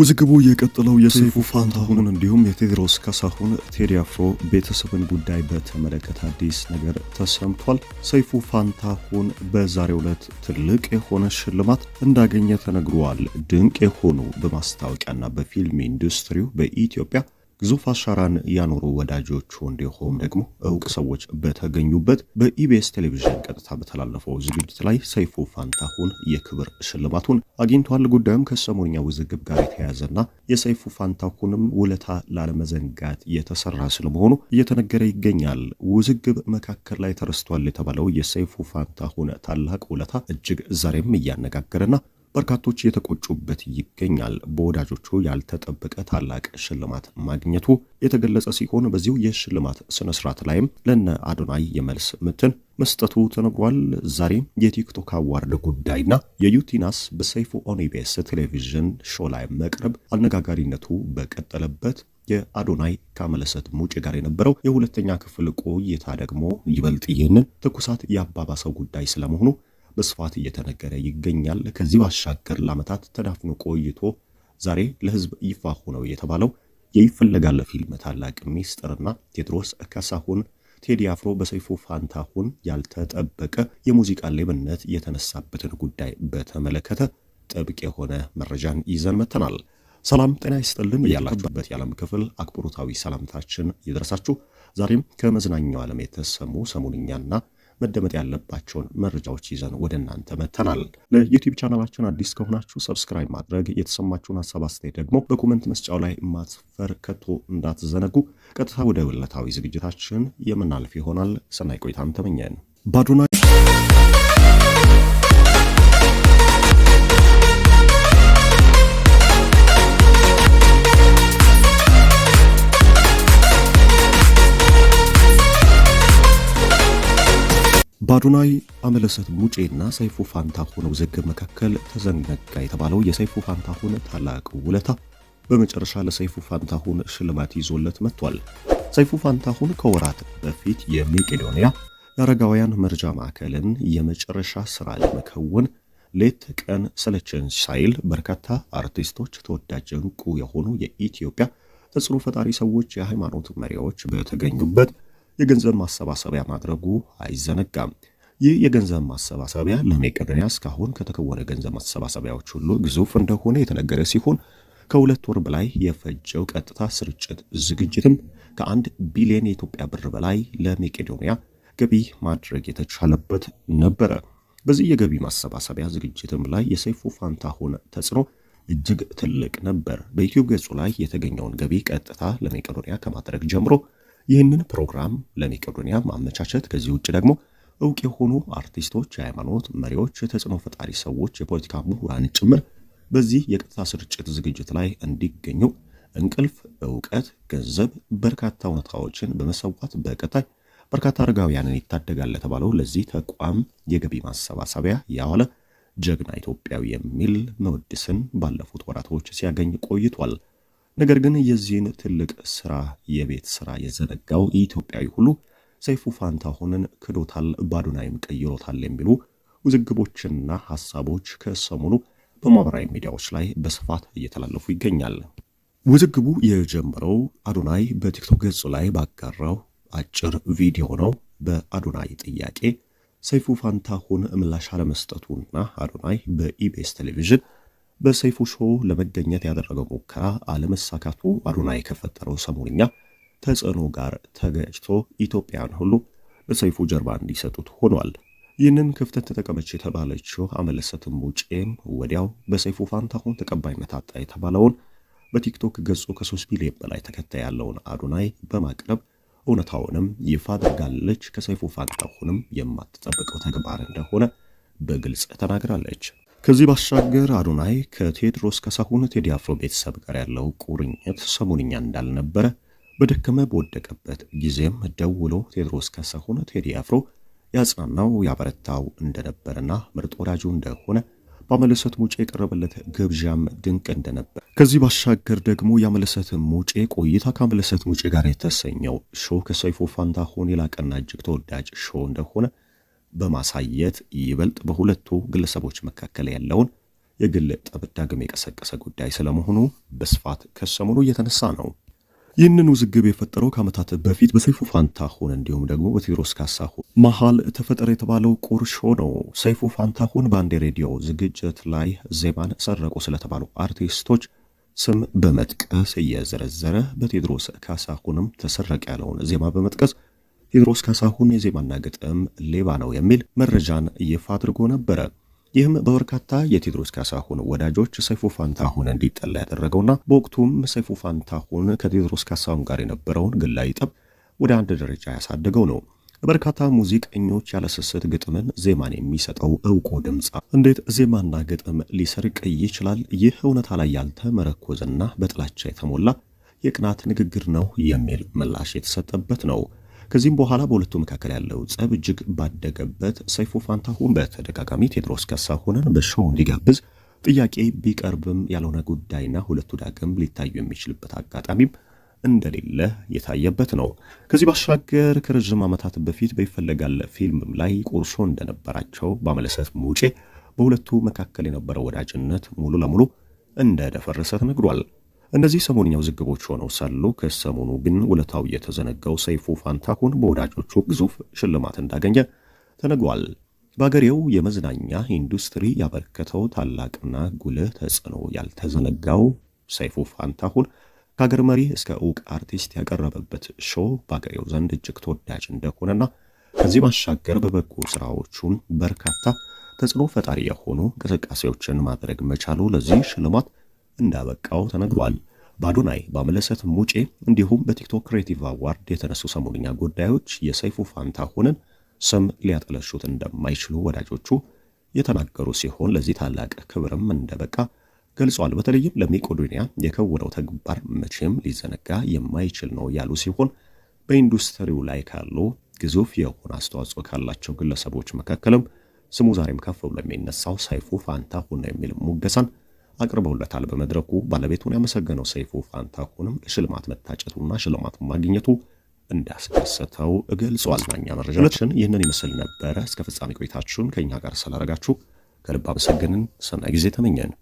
ውዝግቡ የቀጠለው የሰይፉ ፋንታሁን እንዲሁም የቴዎድሮስ ካሳሁን ቴዲ አፍሮ ቤተሰብን ጉዳይ በተመለከተ አዲስ ነገር ተሰምቷል። ሰይፉ ፋንታሁን በዛሬው ዕለት ትልቅ የሆነ ሽልማት እንዳገኘ ተነግሯል። ድንቅ የሆኑ በማስታወቂያና በፊልም ኢንዱስትሪው በኢትዮጵያ ግዙፍ አሻራን ያኖሩ ወዳጆቹ እንዲሁም ደግሞ እውቅ ሰዎች በተገኙበት በኢቢኤስ ቴሌቪዥን ቀጥታ በተላለፈው ዝግጅት ላይ ሰይፉ ፋንታሁን የክብር ሽልማቱን አግኝቷል። ጉዳዩም ከሰሞኛ ውዝግብ ጋር የተያያዘና የሰይፉ ፋንታሁንም ውለታ ላለመዘንጋት የተሰራ ስለመሆኑ እየተነገረ ይገኛል። ውዝግብ መካከል ላይ ተረስቷል የተባለው የሰይፉ ፋንታሁን ታላቅ ውለታ እጅግ ዛሬም እያነጋገረና በርካቶች እየተቆጩበት ይገኛል። በወዳጆቹ ያልተጠበቀ ታላቅ ሽልማት ማግኘቱ የተገለጸ ሲሆን በዚሁ የሽልማት ስነስርዓት ላይም ለነ አዶናይ የመልስ ምትን መስጠቱ ተነግሯል። ዛሬም የቲክቶክ አዋርድ ጉዳይና የዩቲናስ በሰይፉ ኦኒቤስ ቴሌቪዥን ሾ ላይ መቅረብ አነጋጋሪነቱ በቀጠለበት የአዶናይ ከመለሰት ሙጭ ጋር የነበረው የሁለተኛ ክፍል ቆይታ ደግሞ ይበልጥ ይህንን ትኩሳት ያባባሰው ጉዳይ ስለመሆኑ በስፋት እየተነገረ ይገኛል። ከዚህ ባሻገር ለዓመታት ተዳፍኖ ቆይቶ ዛሬ ለህዝብ ይፋ ሆነው የተባለው የይፈለጋል ፊልም ታላቅ ሚስጥርና ቴድሮስ ካሳሁን ቴዲ አፍሮ በሰይፉ ፋንታሁን ያልተጠበቀ የሙዚቃ ሌብነት የተነሳበትን ጉዳይ በተመለከተ ጥብቅ የሆነ መረጃን ይዘን መተናል። ሰላም ጤና ይስጥልን ያላችሁበት የዓለም ክፍል አክብሮታዊ ሰላምታችን ይደረሳችሁ። ዛሬም ከመዝናኛው ዓለም የተሰሙ ሰሞንኛና መደመጥ ያለባቸውን መረጃዎች ይዘን ወደ እናንተ መተናል። ለዩቲዩብ ቻናላችን አዲስ ከሆናችሁ ሰብስክራይብ ማድረግ፣ የተሰማችሁን ሀሳብ አስተያየት ደግሞ በኮመንት መስጫው ላይ ማስፈር ከቶ እንዳትዘነጉ። ቀጥታ ወደ ዕለታዊ ዝግጅታችን የምናልፍ ይሆናል። ሰናይ ቆይታን ተመኘን። ባዶና በአዶናይ ሙጬ ሙጬና ሰይፉ ፋንታሁን ውዝግብ መካከል ተዘነጋ የተባለው የሰይፉ ፋንታሁን ታላቅ ውለታ በመጨረሻ ለሰይፉ ፋንታሁን ሽልማት ይዞለት መጥቷል። ሰይፉ ፋንታሁን ከወራት በፊት የመቄዶንያ የአረጋውያን መርጃ ማዕከልን የመጨረሻ ስራ ለመከወን ሌት ቀን ሰለቸን ሳይል በርካታ አርቲስቶች፣ ተወዳጅ እንቁ የሆኑ የኢትዮጵያ ተጽዕኖ ፈጣሪ ሰዎች፣ የሃይማኖት መሪዎች በተገኙበት የገንዘብ ማሰባሰቢያ ማድረጉ አይዘነጋም። ይህ የገንዘብ ማሰባሰቢያ ለመቄዶንያ እስካሁን ከተከወነ ገንዘብ ማሰባሰቢያዎች ሁሉ ግዙፍ እንደሆነ የተነገረ ሲሆን ከሁለት ወር በላይ የፈጀው ቀጥታ ስርጭት ዝግጅትም ከአንድ ቢሊዮን የኢትዮጵያ ብር በላይ ለመቄዶንያ ገቢ ማድረግ የተቻለበት ነበረ። በዚህ የገቢ ማሰባሰቢያ ዝግጅትም ላይ የሰይፉ ፋንታሁን ተጽዕኖ እጅግ ትልቅ ነበር። በዩቲዩብ ገጹ ላይ የተገኘውን ገቢ ቀጥታ ለመቄዶንያ ከማድረግ ጀምሮ ይህንን ፕሮግራም ለመቄዶንያ ማመቻቸት ከዚህ ውጭ ደግሞ እውቅ የሆኑ አርቲስቶች፣ የሃይማኖት መሪዎች፣ የተጽዕኖ ፈጣሪ ሰዎች፣ የፖለቲካ ምሁራን ጭምር በዚህ የቀጥታ ስርጭት ዝግጅት ላይ እንዲገኙ እንቅልፍ፣ እውቀት፣ ገንዘብ፣ በርካታ እውነታዎችን በመሰዋት በቀጣይ በርካታ አረጋውያንን ይታደጋል ለተባለው ለዚህ ተቋም የገቢ ማሰባሰቢያ ያዋለ ጀግና ኢትዮጵያዊ የሚል መወድስን ባለፉት ወራቶች ሲያገኝ ቆይቷል። ነገር ግን የዚህን ትልቅ ስራ የቤት ስራ የዘነጋው ኢትዮጵያዊ ሁሉ ሰይፉ ፋንታሁንን ክዶታል፣ ባዶናይም ቀይሮታል የሚሉ ውዝግቦችና ሐሳቦች ከሰሞኑ በማህበራዊ ሚዲያዎች ላይ በስፋት እየተላለፉ ይገኛል። ውዝግቡ የጀመረው አዶናይ በቲክቶክ ገጹ ላይ ባጋራው አጭር ቪዲዮ ነው። በአዶናይ ጥያቄ ሰይፉ ፋንታሁን ምላሽ አለመስጠቱና አዶናይ በኢቢኤስ ቴሌቪዥን በሰይፉ ሾው ለመገኘት ያደረገው ሙከራ አለመሳካቱ አዶናይ ከፈጠረው ሰሞንኛ ተጽዕኖ ጋር ተገጭቶ ኢትዮጵያን ሁሉ በሰይፉ ጀርባ እንዲሰጡት ሆኗል። ይህንን ክፍተት ተጠቀመች የተባለችው አመለሰትም ውጪም ወዲያው በሰይፉ ፋንታሁን ተቀባይነት አጣ የተባለውን በቲክቶክ ገጹ ከሶስት ሚሊዮን በላይ ተከታይ ያለውን አዶናይ በማቅረብ እውነታውንም ይፋ አድርጋለች። ከሰይፉ ፋንታሁንም የማትጠብቀው ተግባር እንደሆነ በግልጽ ተናግራለች። ከዚህ ባሻገር አዶናይ ከቴዎድሮስ ካሳሁን ቴዲ አፍሮ ቤተሰብ ጋር ያለው ቁርኝት ሰሞንኛ እንዳልነበረ በደከመ በወደቀበት ጊዜም ደውሎ ቴዎድሮስ ካሳሁን ቴዲ አፍሮ ያጽናናው ያበረታው እንደነበርና ምርጥ ወዳጁ እንደሆነ በአመለሰት ሙጬ የቀረበለት ግብዣም ድንቅ እንደነበር ከዚህ ባሻገር ደግሞ የአመለሰት ሙጬ ቆይታ ከአመለሰት ሙጬ ጋር የተሰኘው ሾው ከሰይፉ ፋንታሁን የላቀና እጅግ ተወዳጅ ሾው እንደሆነ በማሳየት ይበልጥ በሁለቱ ግለሰቦች መካከል ያለውን የግል ጠብ ዳግም የቀሰቀሰ ጉዳይ ስለመሆኑ በስፋት ከሰሞኑ እየተነሳ ነው። ይህንን ውዝግብ የፈጠረው ከዓመታት በፊት በሰይፉ ፋንታሁን እንዲሁም ደግሞ በቴዎድሮስ ካሳሁን መሃል ተፈጠረ የተባለው ቁርሾ ነው። ሰይፉ ፋንታሁን በአንድ ሬዲዮ ዝግጅት ላይ ዜማን ሰረቁ ስለተባሉ አርቲስቶች ስም በመጥቀስ እየዘረዘረ በቴዎድሮስ ካሳሁንም ተሰረቀ ያለውን ዜማ በመጥቀስ ቴዎድሮስ ካሳሁን የዜማና ግጥም ሌባ ነው የሚል መረጃን ይፋ አድርጎ ነበረ። ይህም በበርካታ የቴዎድሮስ ካሳሁን ወዳጆች ሰይፉ ፋንታሁን እንዲጠላ ያደረገውና በወቅቱም ሰይፉ ፋንታሁን ከቴዎድሮስ ካሳሁን ጋር የነበረውን ግላዊ ጠብ ወደ አንድ ደረጃ ያሳደገው ነው። በርካታ ሙዚቀኞች ያለስስት ግጥምን፣ ዜማን የሚሰጠው እውቁ ድምፃ እንዴት ዜማና ግጥም ሊሰርቅ ይችላል? ይህ እውነታ ላይ ያልተመረኮዘና በጥላቻ የተሞላ የቅናት ንግግር ነው የሚል ምላሽ የተሰጠበት ነው። ከዚህም በኋላ በሁለቱ መካከል ያለው ጸብ እጅግ ባደገበት ሰይፉ ፋንታሁን በተደጋጋሚ ቴድሮስ ካሳሁንን በሾው እንዲጋብዝ ጥያቄ ቢቀርብም ያልሆነ ጉዳይና ሁለቱ ዳግም ሊታዩ የሚችልበት አጋጣሚም እንደሌለ የታየበት ነው። ከዚህ ባሻገር ከረዥም ዓመታት በፊት በይፈለጋል ፊልምም ላይ ቁርሾ እንደነበራቸው በመለሰት ሙጬ በሁለቱ መካከል የነበረው ወዳጅነት ሙሉ ለሙሉ እንደደፈረሰ ተነግሯል። እነዚህ ሰሞንኛ ዝግቦች ሆነው ሳሉ ከሰሞኑ ግን ውለታው የተዘነጋው ሰይፉ ፋንታሁን በወዳጆቹ ግዙፍ ሽልማት እንዳገኘ ተነግሯል። በአገሬው የመዝናኛ ኢንዱስትሪ ያበረከተው ታላቅና ጉልህ ተጽዕኖ ያልተዘነጋው ሰይፉ ፋንታሁን ከአገር መሪ እስከ እውቅ አርቲስት ያቀረበበት ሾው በአገሬው ዘንድ እጅግ ተወዳጅ እንደሆነና ከዚህ ባሻገር በበጎ ስራዎቹም በርካታ ተጽዕኖ ፈጣሪ የሆኑ እንቅስቃሴዎችን ማድረግ መቻሉ ለዚህ ሽልማት እንዳበቃው ተነግሯል። በአዶናይ በአምለሰት ሙጬ እንዲሁም በቲክቶክ ክሬቲቭ አዋርድ የተነሱ ሰሞንኛ ጉዳዮች የሰይፉ ፋንታሁንን ስም ሊያጠለሹት እንደማይችሉ ወዳጆቹ የተናገሩ ሲሆን ለዚህ ታላቅ ክብርም እንደበቃ ገልጿል። በተለይም ለመቄዶንያ የከወነው ተግባር መቼም ሊዘነጋ የማይችል ነው ያሉ ሲሆን በኢንዱስትሪው ላይ ካሉ ግዙፍ የሆነ አስተዋጽኦ ካላቸው ግለሰቦች መካከልም ስሙ ዛሬም ከፍ ብሎ የሚነሳው ሰይፉ ፋንታሁን ነው የሚል ሙገሳን አቅርበውለታል። በመድረኩ ባለቤቱን ያመሰገነው ሰይፉ ፋንታሁንም ለሽልማት መታጨቱና ሽልማቱን ማግኘቱ እንዳስደሰተው ገልጿል። ዳኛ መረጃችን ይህንን ይመስል ነበረ። እስከ ፍጻሜ ቆይታችሁን ከእኛ ጋር ስላደረጋችሁ ከልብ አመሰገንን። ሰናይ ጊዜ ተመኘን።